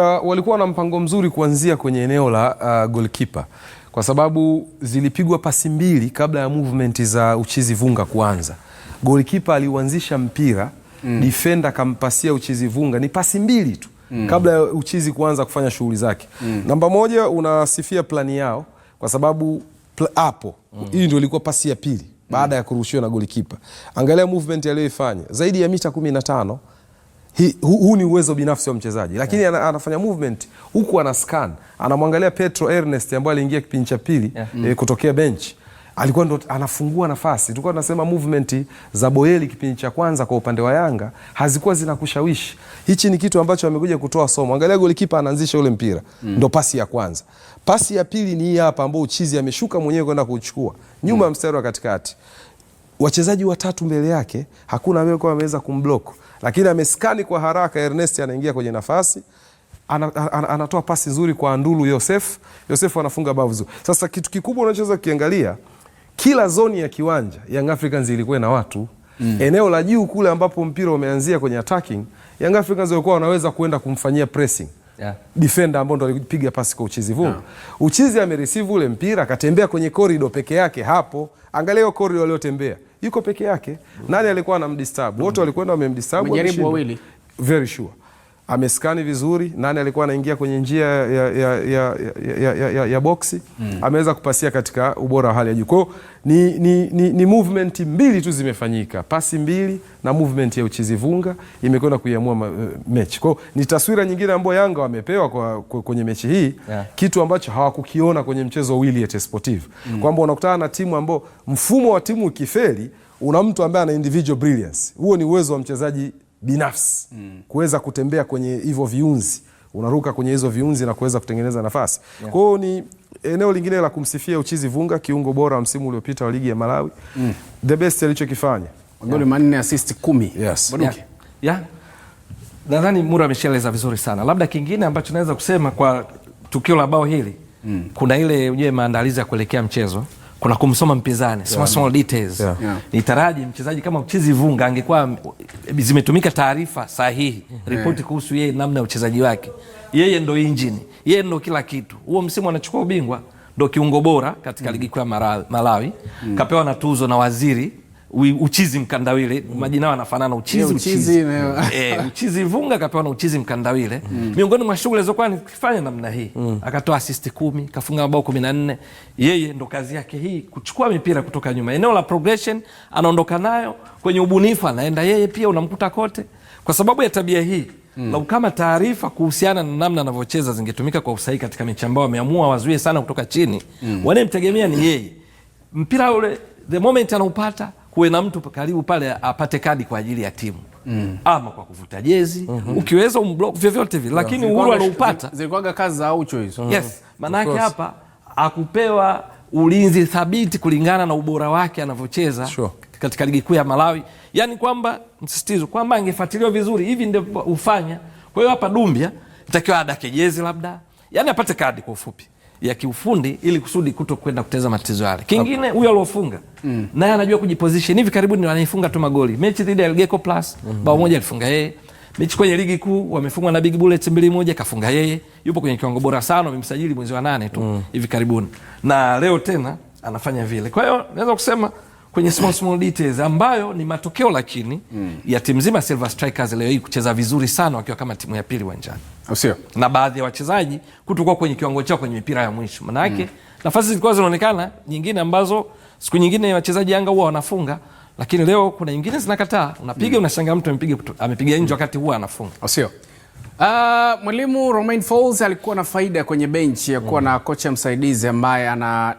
uh, walikuwa na mpango mzuri kuanzia kwenye eneo la uh, goalkeeper kwa sababu zilipigwa pasi mbili kabla ya movement za Uchizi Vunga kuanza. Goalkeeper aliuanzisha mpira mm. defender kampasia Uchizi Vunga ni pasi mbili tu mm. kabla ya Uchizi kuanza kufanya shughuli zake mm. namba moja, unasifia plani yao kwa sababu hapo mm. hii ndio ilikuwa pasi ya pili baada mm. ya kurushiwa na golikipa. Angalia movement aliyoifanya zaidi ya mita kumi na tano hu, huu ni uwezo binafsi wa mchezaji lakini yeah. Anafanya movement huku ana scan, anamwangalia Petro Ernest ambaye aliingia kipindi cha pili yeah. E, kutokea bench alikuwa ndo anafungua nafasi. Tulikuwa tunasema movement za Boyeli kipindi cha kwanza kwa upande wa Yanga hazikuwa zinakushawishi. Hichi ni kitu ambacho amekuja kutoa somo. Angalia golikipa anaanzisha ule mpira mm. ndo pasi ya kwanza, pasi ya pili ni hii hapa, ambao uchizi ameshuka mwenyewe kwenda kuchukua nyuma mm. ya mstari wa katikati wachezaji watatu mbele yake, hakuna aliyekuwa ameweza kumblock, lakini ameskani kwa haraka. Ernest anaingia kwenye nafasi ana, ana, anatoa pasi nzuri kwa Andulu Yosef. Yosef anafunga bao vizuri. Sasa kitu kikubwa unachoweza kukiangalia, kila zoni ya kiwanja Young Africans ilikuwa na watu mm. Eneo la juu kule ambapo mpira umeanzia kwenye attacking, Young Africans walikuwa wanaweza kwenda kumfanyia pressing yeah. Defender ambao ndo alipiga pasi kwa Uchizi Vumbi yeah. Uchizi amereceive ule mpira akatembea kwenye corridor peke yake. Hapo angalia hiyo corridor aliyotembea yuko peke yake. Nani alikuwa anamdisturb? Wote walikwenda wamemdisturb, wamejaribu wawili, very sure ameskani vizuri, nani alikuwa anaingia kwenye njia ya, ya, ya, ya, ya, ya, ya boksi mm. ameweza kupasia katika ubora wa hali ya juu. Kwa hiyo ni, ni, ni, ni movement mbili tu zimefanyika, pasi mbili na movement ya uchizivunga imekwenda kuiamua eh, mechi. Kwa hiyo ni taswira nyingine ambayo Yanga wamepewa kwa, kwa, kwenye mechi hii yeah. kitu ambacho hawakukiona kwenye mchezo wa Wiliete Sportive mm. kwamba unakutana na timu ambayo mfumo wa timu ukifeli una mtu ambaye ana individual brilliance. Huo ni uwezo wa mchezaji binafsi mm. kuweza kutembea kwenye hivyo viunzi, unaruka kwenye hizo viunzi na kuweza kutengeneza nafasi yeah. Kwa hiyo ni eneo lingine la kumsifia Uchizi Vunga, kiungo bora msimu uliopita wa ligi ya Malawi mm. the best alichokifanya magoli manne, assist kumi. Yes. Baduki. Yeah. Nadhani Mura ameshaeleza vizuri sana. Labda kingine ambacho naweza kusema kwa tukio la bao hili mm. kuna ile unyewe maandalizi ya kuelekea mchezo kuna kumsoma mpinzani yeah. small details yeah. yeah. Nitaraji mchezaji kama mchezi vunga angekuwa eh, zimetumika taarifa sahihi yeah. ripoti kuhusu yeye, namna ya uchezaji wake, yeye ndo injini, yeye ndo kila kitu. Huo msimu anachukua ubingwa, ndo kiungo bora katika mm. ligi kuu ya Malawi mm. kapewa na tuzo na waziri uchizi mkandawile mm. majina yanafanana uchizi yeah, uchizi, uchizi. E, uchizi vunga kapewa na uchizi mkandawile mm. miongoni mwa shughuli alizokuwa nikifanya namna hii mm. akatoa asisti kumi kafunga mabao kumi na nne yeye ndo kazi yake hii kuchukua mipira kutoka nyuma eneo la progression anaondoka nayo kwenye ubunifu anaenda yeye pia unamkuta kote kwa sababu ya tabia hii Mm. Lau kama taarifa kuhusiana na namna anavyocheza zingetumika kwa usahihi katika mechi ambayo wameamua wazuie sana kutoka chini mm. wanayemtegemea ni yeye, mpira ule the moment anaupata kuwe na mtu karibu pale apate kadi kwa ajili ya timu mm. ama kwa kuvuta jezi mm -hmm. ukiweza umblock vyovyote vile, lakini uhuru aloupata zilikuwaga kazi za Aucho hizo yes, maanake hapa akupewa ulinzi thabiti kulingana na ubora wake anavyocheza sure. katika ligi kuu ya Malawi, yani kwamba msisitizo kwamba angefuatiliwa vizuri, hivi ndio ufanya Kwa hiyo hapa Dumbia itakiwa adake jezi labda, yani apate kadi kwa ufupi ya kiufundi ili kusudi kuto kwenda kuteza matatizo yale. Kingine huyo aliofunga mm. naye anajua kujiposition. Hivi karibuni wanaifunga tu magoli, mechi dhidi ya Elgeco Plus mm -hmm. bao moja alifunga yeye, mechi kwenye ligi kuu wamefungwa na Big Bullets mbili moja, kafunga yeye. Yupo kwenye kiwango bora sana, wamemsajili mwezi wa nane tu mm. hivi karibuni, na leo tena anafanya vile. Kwa hiyo naweza kusema kwenye small small details ambayo ni matokeo lakini mm. ya timu nzima Silver Strikers leo hii kucheza vizuri sana wakiwa kama timu ya pili uwanjani, sio na baadhi ya wachezaji kutokuwa kwenye kiwango chao kwenye mipira ya mwisho, manake mm. nafasi zilikuwa zinaonekana nyingine ambazo siku nyingine wachezaji Yanga huwa wanafunga lakini leo kuna nyingine zinakataa, unapiga mm. unashangaa mtu amepiga amepiga nje wakati huwa anafunga, sio Uh, mwalimu Romain Folz alikuwa na faida kwenye benchi ya kuwa mm. na kocha msaidizi ambaye ana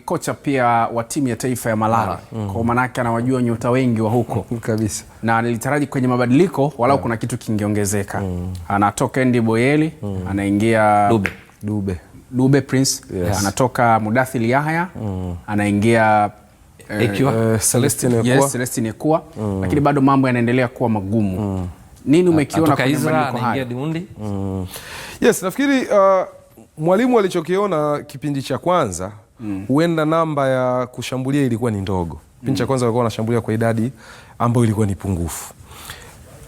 kocha pia wa timu ya taifa ya Malawi mm. Kwa maanake anawajua nyota wengi wa huko kabisa, na nilitaraji kwenye mabadiliko walau yeah. Mm. kuna kitu kingeongezeka mm. Anatoka Endi Boyeli mm. anaingia Dube, Dube. Dube Prince yes. Anatoka Mudathil Yahya mm. anaingia Uh, eh, eh, Celestine Ekua mm. Lakini bado mambo yanaendelea kuwa magumu mm. Nini umekiona kwenye mabadiliko haya? Mm. Yes, nafikiri uh, mwalimu alichokiona kipindi cha kwanza Mm. huenda mm. namba ya kushambulia ilikuwa ni ndogo. Kipindi cha mm. kwanza walikuwa wanashambulia kwa idadi ambayo ilikuwa ni pungufu.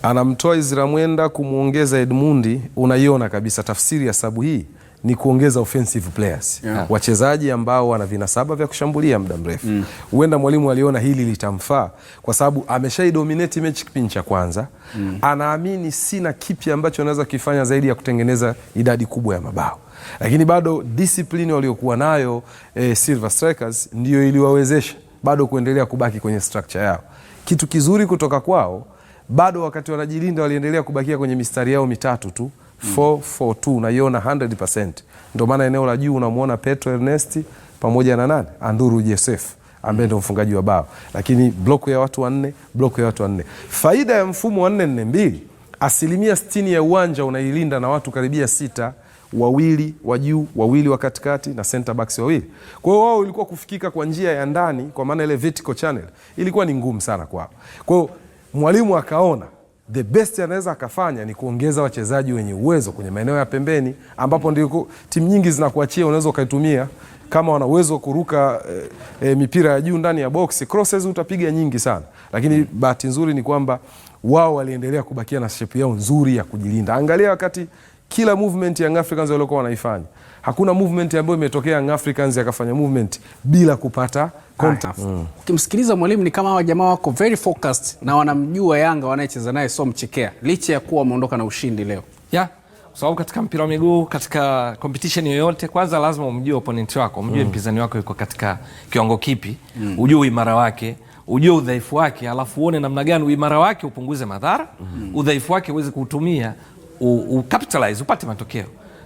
Anamtoa Izra Mwenda kumwongeza Edmundi, unaiona kabisa tafsiri ya sabu hii ni kuongeza offensive players yeah. wachezaji ambao wana vinasaba vya kushambulia muda mrefu mm. huenda mm. mwalimu aliona hili litamfaa kwa sababu ameshaidominate mechi kipindi cha kwanza mm. anaamini sina kipi ambacho anaweza kifanya zaidi ya kutengeneza idadi kubwa ya mabao lakini bado disiplini waliokuwa nayo e, Silver Strikers ndio iliwawezesha bado kuendelea kubaki kwenye structure yao. Kitu kizuri kutoka kwao, bado wakati wanajilinda waliendelea kubakia kwenye mistari yao mitatu tu 442 naiona 100%. Ndio maana eneo la juu unamwona Petro Ernest pamoja na nani Anduru Joseph ambaye ndio mfungaji wa bao, lakini bloku ya watu wanne, bloku ya watu wanne. Faida ya mfumo wa 442, asilimia 60 ya uwanja unailinda na watu karibia sita wawili wa juu, wawili wa katikati na center backs wawili. Kwa hiyo wao ilikuwa kufikika kwa njia ya ndani, kwa maana ile vertical channel ilikuwa ni ngumu sana kwao. Kwa hiyo mwalimu akaona the best anaweza akafanya ni kuongeza wachezaji wenye uwezo kwenye maeneo ya pembeni, ambapo ndiko timu nyingi zinakuachia, unaweza ukaitumia kama wana uwezo wa kuruka e, e, mipira ya juu ndani ya box crosses utapiga nyingi sana, lakini bahati nzuri ni kwamba wao waliendelea kubakia na shape yao nzuri ya kujilinda. Angalia wakati kila movement Young Africans waliokuwa wanaifanya, hakuna movement ambayo imetokea Young Africans yakafanya movement bila kupata contact. Mm. Ukimsikiliza mm. mwalimu ni kama hawa jamaa wako very focused na wanamjua Yanga wanayecheza naye so mchekea, licha ya kuwa wameondoka na ushindi leo yeah. Kwa sababu so, katika mpira wa miguu, katika competition yoyote, kwanza lazima umjue opponent wako, umjue mm. mpinzani wako yuko katika kiwango kipi mm. ujue uimara wake ujue udhaifu wake, alafu uone namna gani uimara wake upunguze madhara mm udhaifu wake uweze kuutumia ucapitalize upate matokeo.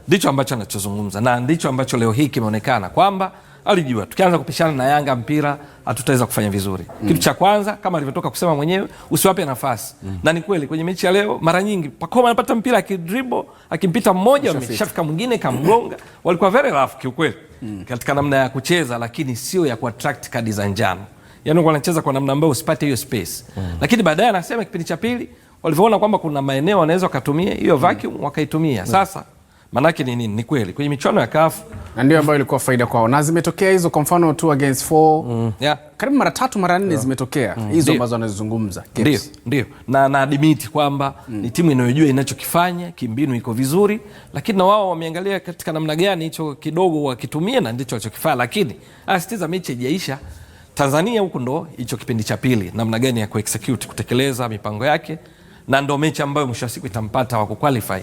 Ndicho ambacho anachozungumza na ndicho ambacho leo hii kimeonekana kwamba alijua tukianza kupishana na Yanga mpira hatutaweza kufanya vizuri mm. Kitu cha kwanza kama alivyotoka kusema mwenyewe usiwape nafasi mm. Na ni kweli kwenye mechi ya leo mara nyingi Pacoma anapata mpira akidribo, akimpita mmoja ameshafika mwingine kamgonga mm. walikuwa very rough kiukweli mm. Katika namna ya kucheza, lakini sio ya kuattract kadi za njano, yani wanacheza kwa namna ambayo usipate hiyo space mm. Lakini baadaye anasema kipindi cha pili walivyoona kwamba kuna maeneo wanaweza wakatumia hiyo vacuum mm. wakaitumia. Sasa maanake ni nini? Ni kweli kwenye michuano ya kafu na ndio ambayo ilikuwa faida kwao, na zimetokea hizo, kwa mfano two against four mm. yeah. karibu mara tatu mara nne yeah. zimetokea mm. hizo ambazo wanazizungumza, ndio ndio, na na naadimiti kwamba mm. ni timu inayojua inachokifanya, kimbinu iko vizuri, lakini na wao wameangalia katika namna gani hicho kidogo wakitumia, na ndicho walichokifanya, lakini asitiza mechi haijaisha. Tanzania huku ndo hicho kipindi cha pili, namna gani ya kuexecute kutekeleza mipango yake na ndo mechi ambayo mwisho wa siku itampata wa kuqualify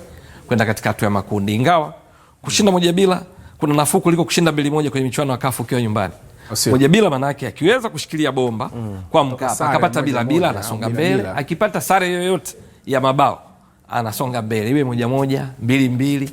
kwenda katika hatua ya makundi, ingawa kushinda moja bila kuna nafuu kuliko kushinda mbili moja kwenye michuano ya kafu ukiwa nyumbani. Oh, moja bila maana yake akiweza kushikilia bomba mm, kwa Mkapa akapata bila bila anasonga mbele, akipata sare yoyote ya mabao anasonga mbele, iwe moja moja mbili mbili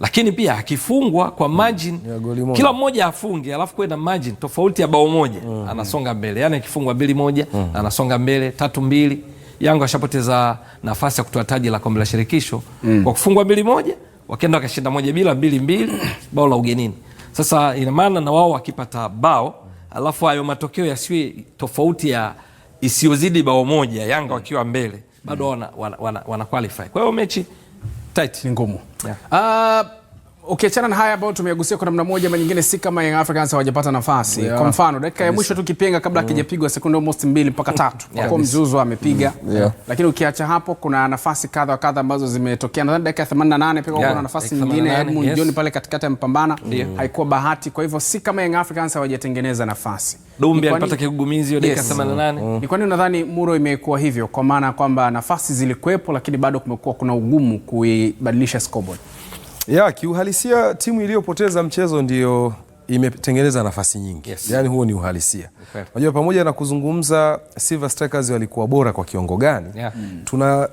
lakini pia akifungwa kwa mm, margin mm, kila mmoja afunge, alafu kuwe na margin tofauti ya bao moja mm, anasonga mbele. Yani akifungwa mbili moja mm, anasonga mbele tatu mbili Yanga washapoteza nafasi ya kutoa taji la kombe la shirikisho mm. kwa kufungwa mbili moja, wakienda wakashinda moja bila mbili mbili, bao la ugenini. Sasa ina maana na wao wakipata bao alafu hayo matokeo yasiwe tofauti ya isiyozidi bao moja, Yanga wakiwa mbele bado mm. wana, wana, wana, wana qualify. Kwa hiyo mechi tight ni ngumu yeah. uh, ukiachana okay, na haya ambayo tumeagusia kwa namna moja ama nyingine, si kama Young Africans hawajapata nafasi yeah. Kwa mfano dakika ya mwisho tu Kipenga kabla akijapigwa mm. sekunde almost mbili mpaka tatu yeah, kwa mzuzu amepiga mm. yeah. Lakini ukiacha hapo kuna nafasi kadha wa kadha ambazo zimetokea, nadhani dakika ya 88 pia kuna nafasi nyingine Edmund yes. pale katikati amepambana mm. haikuwa bahati. Kwa hivyo si kama Young Africans hawajatengeneza nafasi. Dumbi alipata kigugumizi hiyo dakika 88. Ni kwa nini unadhani Muro imekuwa hivyo? Kwa maana kwamba nafasi zilikuwepo, lakini bado kumekuwa kuna ugumu kuibadilisha scoreboard. Ya, kiuhalisia timu iliyopoteza mchezo ndiyo imetengeneza nafasi nyingi yes. Yani huo ni uhalisia unajua, okay. Pamoja na kuzungumza Silver Strikers walikuwa bora kwa kiongo gani, yeah. mm. tunakwenda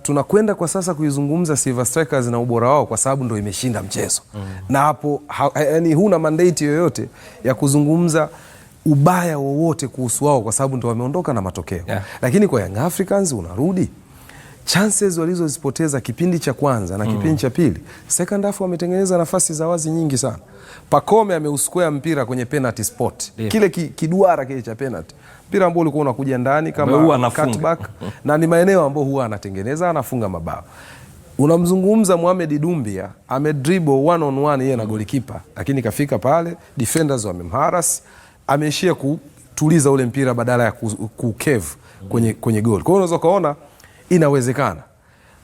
tuna kwa sasa kuizungumza Silver Strikers na ubora wao kwa sababu ndo imeshinda mchezo mm. na hapo ha, yani huna mandate yoyote ya kuzungumza ubaya wowote kuhusu wao kwa sababu ndo wameondoka na matokeo yeah. Lakini kwa Young Africans unarudi chances walizozipoteza kipindi cha kwanza na kipindi mm. cha pili, second half wametengeneza nafasi za wazi nyingi sana. Pacome ameuskwea mpira kwenye penalty spot yeah. kile ki, kiduara kile cha penalty, mpira ambao ulikuwa unakuja ndani kama cutback na ni maeneo ambayo huwa anatengeneza anafunga mabao. Unamzungumza Mohamed Dumbia ame dribble one on one yeye na mm. golikipa, lakini kafika pale defenders wamemharas, ameishia kutuliza ule mpira badala ya kukevu mm. kwenye, kwenye goli. Kwa hiyo unaweza ukaona inawezekana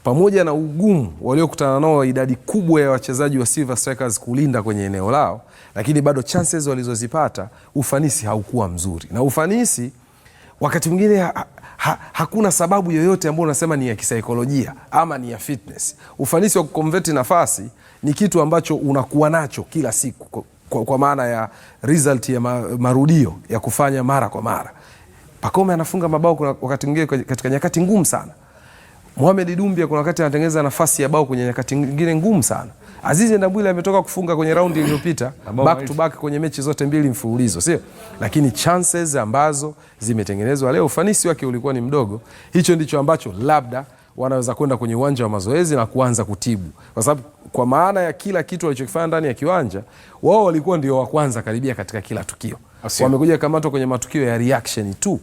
pamoja na ugumu waliokutana nao, idadi kubwa ya wachezaji wa Silver Strikers kulinda kwenye eneo lao, lakini bado chances walizozipata ufanisi haukuwa mzuri, na ufanisi wakati mwingine ha, ha, hakuna sababu yoyote ambayo unasema ni ya kisaikolojia ama ni ya fitness. Ufanisi wa kukonveti nafasi ni kitu ambacho unakuwa nacho kila siku kwa, kwa, kwa maana ya result ya marudio ya kufanya mara kwa mara. Pakome anafunga mabao wakati mwingine katika nyakati ngumu sana Mohamed Dumbia kuna wakati anatengeneza nafasi ya bao kwenye nyakati nyingine ngumu sana. Aziz Ndabwile ametoka kufunga kwenye raundi iliyopita back to back kwenye mechi zote mbili mfululizo, sio? Lakini chances ambazo zimetengenezwa leo, ufanisi wake ulikuwa ni mdogo. Hicho ndicho ambacho labda wanaweza kwenda kwenye uwanja wa mazoezi na kuanza kutibu, kwa sababu kwa maana ya kila kitu walichokifanya ndani ya kiwanja, wao walikuwa ndio wa kwanza karibia katika kila tukio. Ah, Wamekuja kamatwa kwenye matukio ya reaction tu.